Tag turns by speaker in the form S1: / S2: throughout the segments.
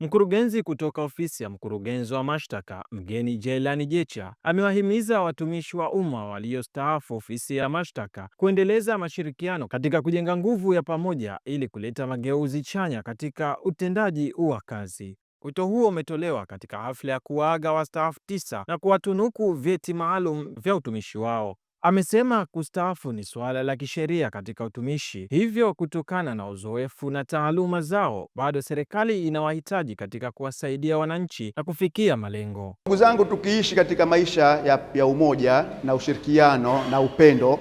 S1: Mkurugenzi kutoka ofisi ya mkurugenzi wa mashtaka Mgeni jelani Jecha amewahimiza watumishi wa umma waliostaafu ofisi ya mashtaka kuendeleza mashirikiano katika kujenga nguvu ya pamoja ili kuleta mageuzi chanya katika utendaji wa kazi. Wito huo umetolewa katika hafla ya kuwaaga wastaafu tisa na kuwatunuku vyeti maalum vya utumishi wao. Amesema kustaafu ni suala la kisheria katika utumishi, hivyo kutokana na uzoefu na taaluma zao bado serikali inawahitaji katika kuwasaidia wananchi na kufikia malengo.
S2: Ndugu zangu, tukiishi katika maisha ya, ya umoja na ushirikiano na upendo,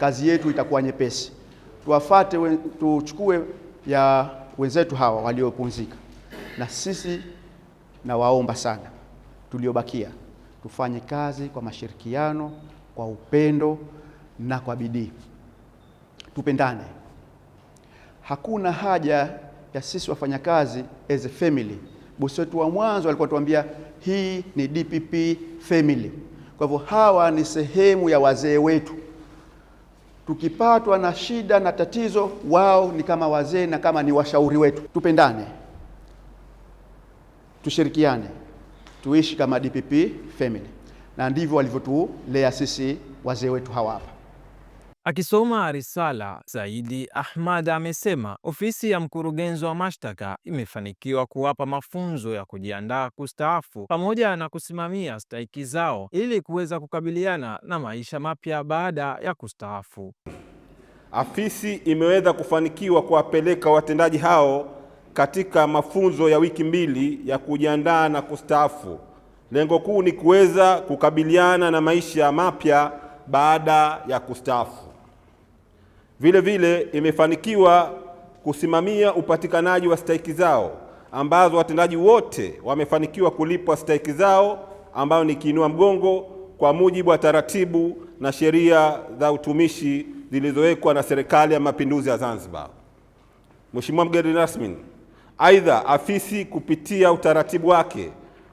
S2: kazi yetu itakuwa nyepesi. Tuwafate, tuchukue ya wenzetu hawa waliopunzika, na sisi nawaomba sana tuliobakia tufanye kazi kwa mashirikiano kwa upendo na kwa bidii. Tupendane. Hakuna haja ya sisi wafanyakazi as a family. Bosi wetu wa mwanzo alikuwa tuambia hii ni DPP family. Kwa hivyo hawa ni sehemu ya wazee wetu. Tukipatwa na shida na tatizo, wao ni kama wazee na kama ni washauri wetu. Tupendane, tushirikiane, tuishi kama DPP family na ndivyo walivyotulea sisi wazee wetu hawa hapa.
S1: Akisoma risala, Saidi Ahmad amesema ofisi ya mkurugenzi wa mashtaka imefanikiwa kuwapa mafunzo ya kujiandaa kustaafu pamoja na kusimamia stahiki zao ili kuweza kukabiliana na maisha mapya baada ya kustaafu.
S3: Afisi imeweza kufanikiwa kuwapeleka watendaji hao katika mafunzo ya wiki mbili ya kujiandaa na kustaafu. Lengo kuu ni kuweza kukabiliana na maisha mapya baada ya kustaafu. Vile vile imefanikiwa kusimamia upatikanaji wa stahiki zao ambazo watendaji wote wamefanikiwa kulipwa stahiki zao ambayo ni kiinua mgongo kwa mujibu wa taratibu na sheria za utumishi zilizowekwa na Serikali ya Mapinduzi ya Zanzibar. Mheshimiwa mgeni rasmi, aidha afisi kupitia utaratibu wake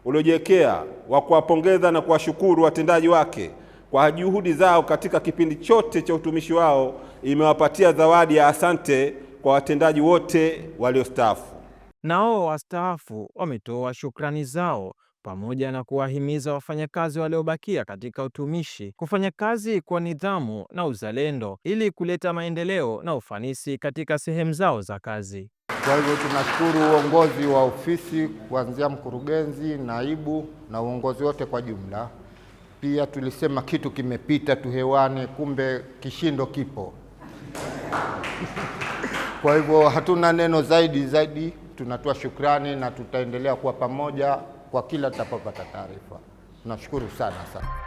S3: uliojiwekea wa kuwapongeza na kuwashukuru watendaji wake kwa juhudi zao katika kipindi chote cha utumishi wao, imewapatia zawadi ya asante kwa watendaji wote waliostaafu.
S1: Nao wastaafu wametoa shukrani zao pamoja na kuwahimiza wafanyakazi waliobakia katika utumishi kufanya kazi kwa nidhamu na uzalendo ili kuleta maendeleo na ufanisi katika sehemu zao za kazi.
S4: Kwa hivyo tunashukuru uongozi wa ofisi kuanzia mkurugenzi, naibu na uongozi wote kwa jumla. Pia tulisema kitu kimepita tu hewani, kumbe kishindo kipo. Kwa hivyo hatuna neno zaidi zaidi, tunatoa shukrani na tutaendelea kuwa pamoja kwa kila tutapopata taarifa. Tunashukuru sana sana.